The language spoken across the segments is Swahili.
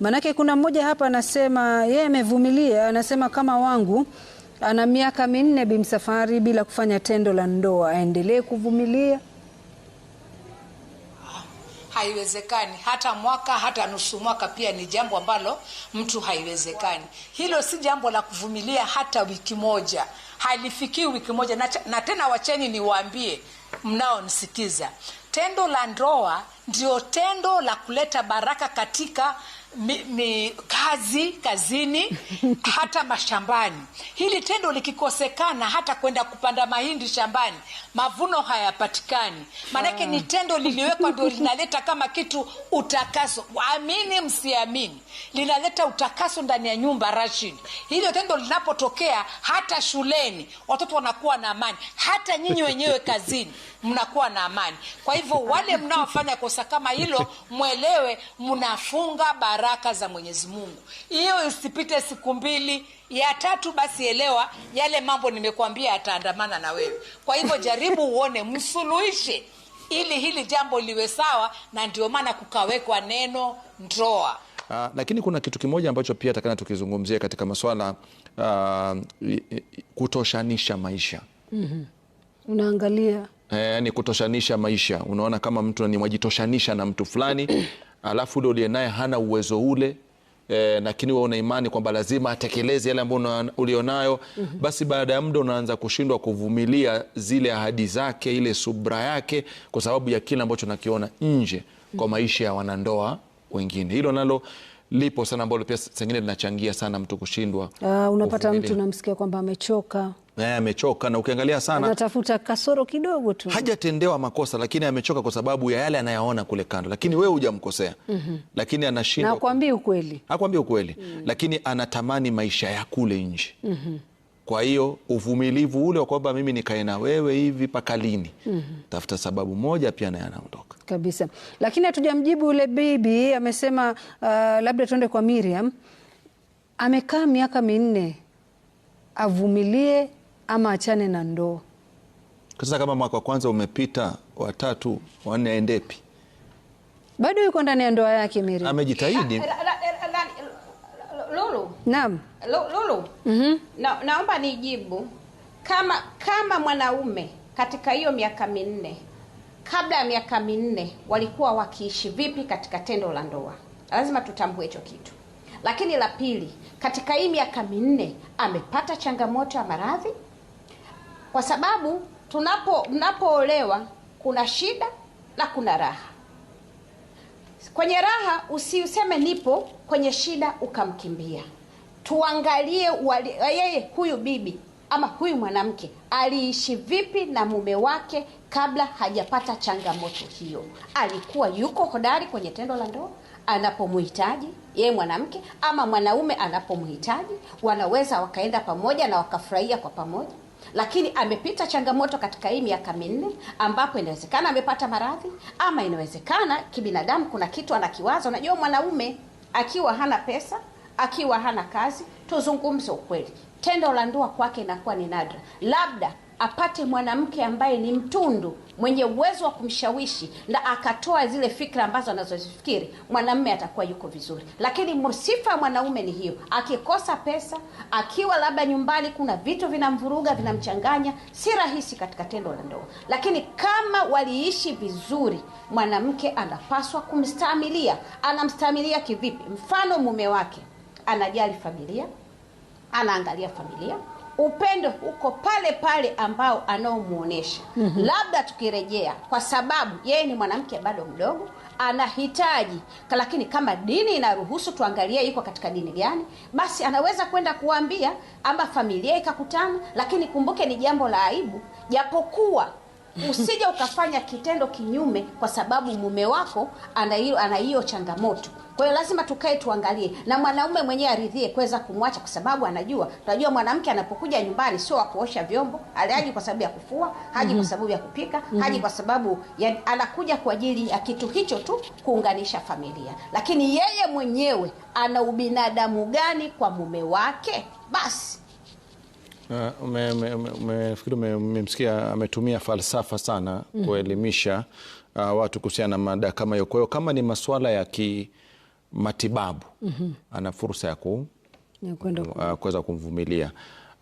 manake kuna mmoja hapa anasema yeye amevumilia, anasema kama wangu ana miaka minne bimsafari bila kufanya tendo la ndoa, aendelee kuvumilia? Haiwezekani, hata mwaka hata nusu mwaka, pia ni jambo ambalo mtu haiwezekani. Hilo si jambo la kuvumilia hata wiki moja, halifikii wiki moja. Na tena, wacheni niwaambie mnaonisikiza, tendo la ndoa ndio tendo la kuleta baraka katika mi, mi, kazi kazini, hata mashambani. Hili tendo likikosekana, hata kwenda kupanda mahindi shambani, mavuno hayapatikani, maanake ni tendo liliwekwa, ndio linaleta kama kitu utakaso. Waamini msiamini, linaleta utakaso ndani ya nyumba Rashid. Hilo tendo linapotokea, hata shuleni watoto wanakuwa na amani, hata nyinyi wenyewe kazini mnakuwa na amani. Kwa hivyo wale mnaofanya kosa kama hilo, mwelewe mnafunga baraka za Mwenyezi Mungu. Hiyo isipite siku mbili, ya tatu basi elewa yale mambo nimekuambia yataandamana na wewe. Kwa hivyo jaribu uone, msuluhishe ili hili jambo liwe sawa, na ndio maana kukawekwa neno ndoa. Uh, lakini kuna kitu kimoja ambacho pia takana tukizungumzia katika maswala uh, kutoshanisha maisha. mm -hmm. Unaangalia eh, ni kutoshanisha maisha. Unaona kama mtu ni mwajitoshanisha na mtu fulani alafu ule uliye naye hana uwezo ule eh, lakini wewe una imani kwamba lazima atekeleze yale ambayo ulionayo. mm -hmm. Basi baada ya muda unaanza kushindwa kuvumilia zile ahadi zake, ile subra yake, kwa sababu ya kile ambacho nakiona nje kwa maisha ya wanandoa wengine. Hilo nalo lipo sana, ambalo pia sengine linachangia sana mtu kushindwa. Ah, unapata mtu namsikia kwamba amechoka naye eh, amechoka, na ukiangalia sana anatafuta kasoro kidogo tu, hajatendewa makosa, lakini amechoka kwa sababu ya yale anayaona kule kando. Lakini wewe hujamkosea mm -hmm. lakini anashindwa, nakwambia ukweli, hakwambii ukweli mm -hmm. lakini anatamani maisha ya kule nje mm -hmm. Kwa hiyo uvumilivu ule wa kwamba mimi nikae na wewe hivi mpaka lini? mm -hmm. Tafuta sababu moja, pia naye anaondoka kabisa. Lakini hatujamjibu yule bibi, amesema uh, labda tuende kwa Miriam. Amekaa miaka minne avumilie ama achane na ndoa. Sasa kama mwaka wa kwanza umepita, watatu wanne, aendepi? Bado yuko ndani ya ndoa yake. Mary amejitahidi. Ah, Lulu, naam. Lulu, mhm, naomba nijibu kama kama mwanaume katika hiyo miaka minne kabla ya miaka minne walikuwa wakiishi vipi katika tendo la ndoa? Lazima tutambue hicho kitu. Lakini la pili, katika hii miaka minne amepata changamoto ya maradhi kwa sababu tunapo mnapoolewa kuna shida na kuna raha. Kwenye raha usiuseme nipo, kwenye shida ukamkimbia. Tuangalie yeye huyu bibi ama huyu mwanamke aliishi vipi na mume wake kabla hajapata changamoto hiyo. Alikuwa yuko hodari kwenye tendo la ndoa anapomhitaji yeye mwanamke ama mwanaume anapomhitaji, wanaweza wakaenda pamoja na wakafurahia kwa pamoja lakini amepita changamoto katika hii miaka minne, ambapo inawezekana amepata maradhi ama inawezekana kibinadamu kuna kitu anakiwaza. Unajua, mwanaume akiwa hana pesa, akiwa hana kazi, tuzungumze ukweli, tendo la ndoa kwake inakuwa ni nadra, labda apate mwanamke ambaye ni mtundu mwenye uwezo wa kumshawishi na akatoa zile fikra ambazo anazozifikiri, mwanamume atakuwa yuko vizuri. Lakini sifa ya mwanaume ni hiyo, akikosa pesa, akiwa labda nyumbani kuna vitu vinamvuruga vinamchanganya, si rahisi katika tendo la ndoa. Lakini kama waliishi vizuri, mwanamke anapaswa kumstamilia. Anamstamilia kivipi? Mfano, mume wake anajali familia, anaangalia familia upendo huko pale pale ambao anaomwonyesha. mm -hmm. Labda tukirejea, kwa sababu yeye ni mwanamke bado mdogo, anahitaji lakini, kama dini inaruhusu tuangalie iko katika dini gani, basi anaweza kwenda kuambia ama familia ikakutana, lakini kumbuke ni jambo la aibu, japokuwa usije ukafanya kitendo kinyume kwa sababu mume wako ana hiyo ana hiyo changamoto. Kwa hiyo lazima tukae tuangalie, na mwanaume mwenyewe aridhie kuweza kumwacha, kwa sababu anajua, tunajua mwanamke anapokuja nyumbani sio wakuosha vyombo, haji kwa sababu ya kufua, haji kwa mhm. sababu ya kupika, mhm. haji kwa sababu ya, anakuja kwa ajili ya kitu hicho tu, kuunganisha familia. Lakini yeye mwenyewe ana ubinadamu gani kwa mume wake? Basi ume, umemsikia ametumia falsafa sana mm. kuelimisha uh, watu kuhusiana na mada kama hiyo. Kwa hiyo kama ni masuala ya kimatibabu mm -hmm. ana fursa ya uh, kuweza kumvumilia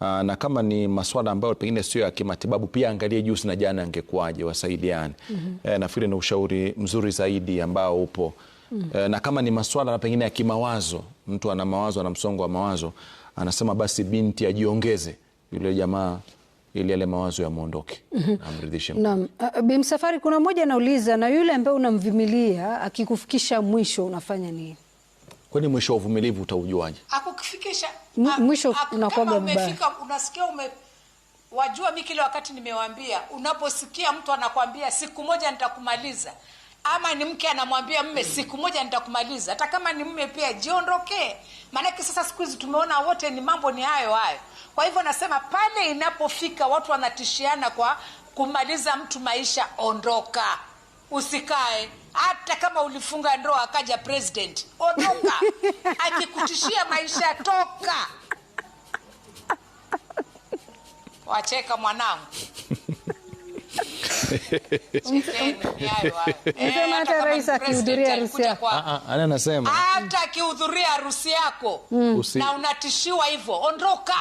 uh, na kama ni masuala ambayo pengine sio ya kimatibabu pia angalie juzi na jana angekuwaje, wasaidiane mm -hmm. E, nafikiri ni ushauri mzuri zaidi ambao upo mm -hmm. na kama ni maswala na pengine ya kimawazo, mtu ana mawazo ana msongo wa mawazo, anasema basi binti ajiongeze yule jamaa ili yale mawazo yamwondoke mhm. amridhishe. Naam, Bi Msafwari, kuna mmoja anauliza, na yule ambaye unamvimilia akikufikisha mwisho unafanya nini? Kwani mwisho wa uvumilivu utaujuaje? Akukufikisha mwisho unakuwa mbaya, unasikia ume wajua, mimi kila wakati nimewaambia, unaposikia mtu anakwambia siku moja nitakumaliza ama ni mke anamwambia mme siku moja nitakumaliza hata kama ni mme pia jiondokee maanake sasa siku hizi tumeona wote ni mambo ni hayo hayo kwa hivyo nasema pale inapofika watu wanatishiana kwa kumaliza mtu maisha ondoka usikae hata kama ulifunga ndoa akaja president ondoka akikutishia maisha toka wacheka mwanangu hata rais akihudhuria harusi yako, ah, ah, anasema hata akihudhuria harusi yako mm. na unatishiwa hivyo, ondoka.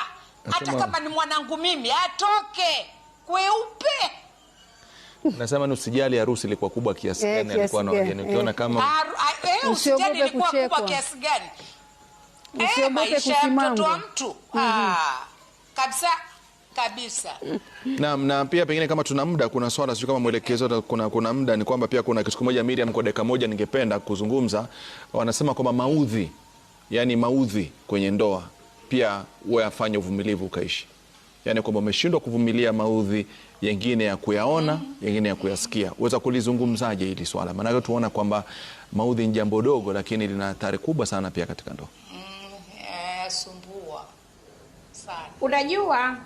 Hata kama ni mwanangu mimi, atoke kweupe. Nasema ni usijali harusi ilikuwa kubwa kiasi eh, gani, alikuwa na wageni. Ukiona eh. kama ah, eh, usijali ilikuwa kubwa kiasi gani, usiogope kusimama mtu mm-hmm. kabisa kabisa. Naam, na pia pengine kama tuna muda, kuna swala sio kama mwelekezo, kuna, kuna muda ni kwamba pia kuna kitu kimoja Miriam, kwa dakika moja ningependa kuzungumza. Wanasema kwamba maudhi, yani maudhi kwenye ndoa pia wayafanye uvumilivu ukaishi, yani kwamba umeshindwa kuvumilia maudhi yengine ya kuyaona yengine ya kuyasikia, uweza kulizungumzaje hili swala? Maanake tuona kwamba maudhi ni jambo dogo, lakini lina athari kubwa sana pia katika ndoa. Mm, eh, sumbua sana unajua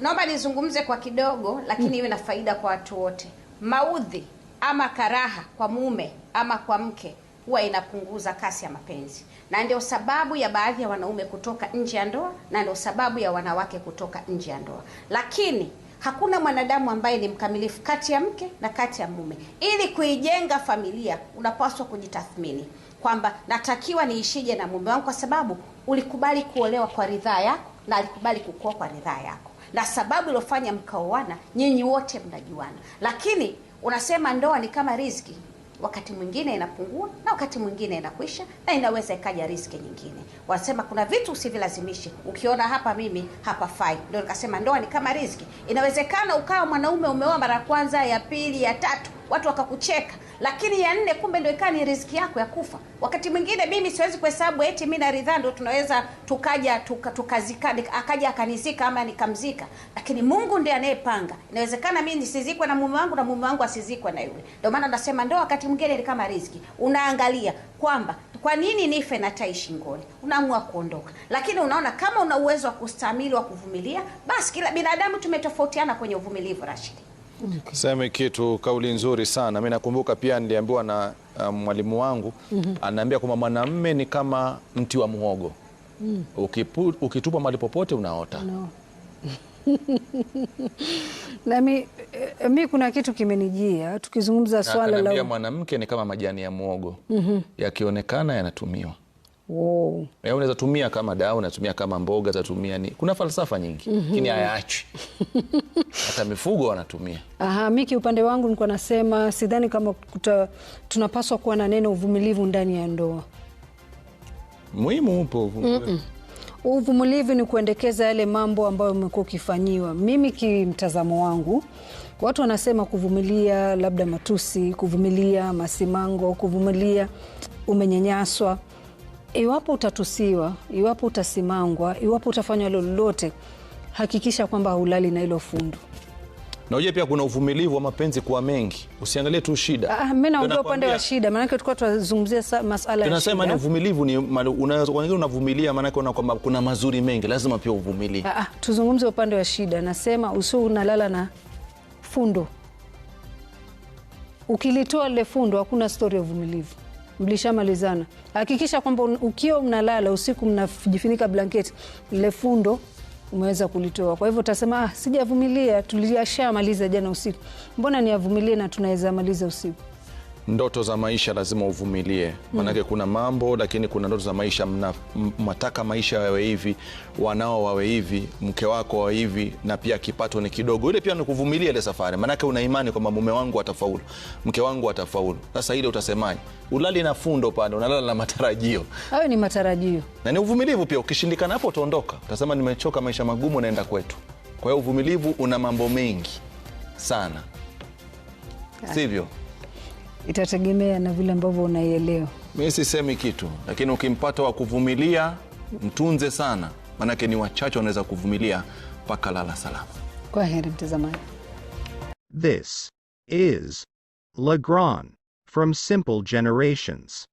naomba nizungumze kwa kidogo, lakini mm. iwe na faida kwa watu wote. Maudhi ama karaha kwa mume ama kwa mke huwa inapunguza kasi ya mapenzi, na ndio sababu ya baadhi ya wanaume kutoka nje ya ndoa, na ndio sababu ya wanawake kutoka nje ya ndoa. Lakini hakuna mwanadamu ambaye ni mkamilifu kati ya mke na kati ya mume. Ili kuijenga familia, unapaswa kujitathmini kwamba natakiwa niishije na mume wangu, kwa sababu ulikubali kuolewa kwa ridhaa yako na alikubali kukua kwa ridhaa yako na sababu iliyofanya mkaoana nyinyi wote mnajuana. Lakini unasema ndoa ni kama riziki, wakati mwingine inapungua na wakati mwingine inakwisha, na inaweza ikaja riski nyingine. Wanasema kuna vitu usivilazimishe, ukiona hapa mimi hapa fai. Ndio nikasema ndoa ni kama riski. Inawezekana ukawa mwanaume umeoa mara ya kwanza, ya pili, ya tatu, watu wakakucheka, lakini ya nne kumbe ndio ikawa ni riziki yako ya kufa. Wakati mwingine mimi siwezi kuhesabu eti mi na ridhaa ndo tunaweza tukaja tuka, tukazika akaja akanizika ama nikamzika, lakini Mungu ndiye anayepanga. Inawezekana mi nisizikwe na mume wangu na mume wangu asizikwe na yule. Ndio maana nasema ndoa wakati mwingine ni kama riziki, unaangalia kwamba kwa nini nife na tai shingoni, unaamua kuondoka. Lakini unaona kama una uwezo wa kustahimili, wa kuvumilia, basi kila binadamu tumetofautiana kwenye uvumilivu, Rashidi. Sema kitu kauli nzuri sana. Mimi nakumbuka pia niliambiwa na uh, mwalimu wangu mm -hmm. Anaambia kwamba mwanamme ni kama mti wa muhogo mm. Ukitupa mahali popote unaota no. Nami eh, mi kuna kitu kimenijia tukizungumza swala la mwanamke ni kama majani ya muhogo mm -hmm. Yakionekana yanatumiwa Wow. Eh, unaweza tumia kama dawa, unatumia kama mboga, utatumia ni kuna falsafa nyingi mhm. lakini mm -hmm. hayaachwi hata mifugo wanatumia. Aha, mimi kiupande wangu nilikuwa nasema sidhani kama kuta, tunapaswa kuwa na neno uvumilivu ndani ya ndoa. Muhimu upo uvumilivu. Mm -mm. ni kuendekeza yale mambo ambayo umekuwa ukifanyiwa. Mimi kimtazamo wangu watu wanasema kuvumilia labda matusi, kuvumilia masimango, kuvumilia umenyanyaswa Iwapo utatusiwa, iwapo utasimangwa, iwapo utafanywa lolote, hakikisha kwamba hulali na hilo fundu. Na ujue pia kuna uvumilivu wa mapenzi kuwa mengi, usiangalie tu shida. Ah, mimi naongea upande wa shida, maanake tulikuwa tunazungumzia masala ya tunasema ni uvumilivu, ni wengine unavumilia, maanake una kwamba kuna mazuri mengi, lazima pia uvumilie. Ah, ah, tuzungumze upande wa shida. Nasema usi unalala na fundo ukilitoa lile fundo hakuna stori ya uvumilivu mlishamalizana. Hakikisha kwamba ukiwa mnalala usiku mnajifunika blanketi, ile fundo umeweza kulitoa. Kwa hivyo utasema ah, sijavumilia, tuliashamaliza jana usiku, mbona niavumilie na tunaweza maliza usiku ndoto za maisha lazima uvumilie, maanake hmm. mm. kuna mambo lakini kuna ndoto za maisha, mnataka maisha yawe hivi, wanao wawe hivi, mke wako wawe hivi, na pia kipato ni kidogo. Ile pia ni kuvumilia ile safari, maanake una imani kwamba mume wangu atafaulu, mke wangu atafaulu. Sasa ile utasemaje? Ulali na fundo pale, unalala na matarajio. Hayo ni matarajio na ni uvumilivu pia. Ukishindikana hapo utaondoka, utasema nimechoka maisha magumu, naenda kwetu. Kwa hiyo uvumilivu una mambo mengi sana, sivyo? itategemea na vile ambavyo unaielewa. Mi sisemi kitu, lakini ukimpata wa kuvumilia mtunze sana, maanake ni wachache wanaweza kuvumilia mpaka lala salama. Kwa heri mtazamaji. This is legran from Simple Generations.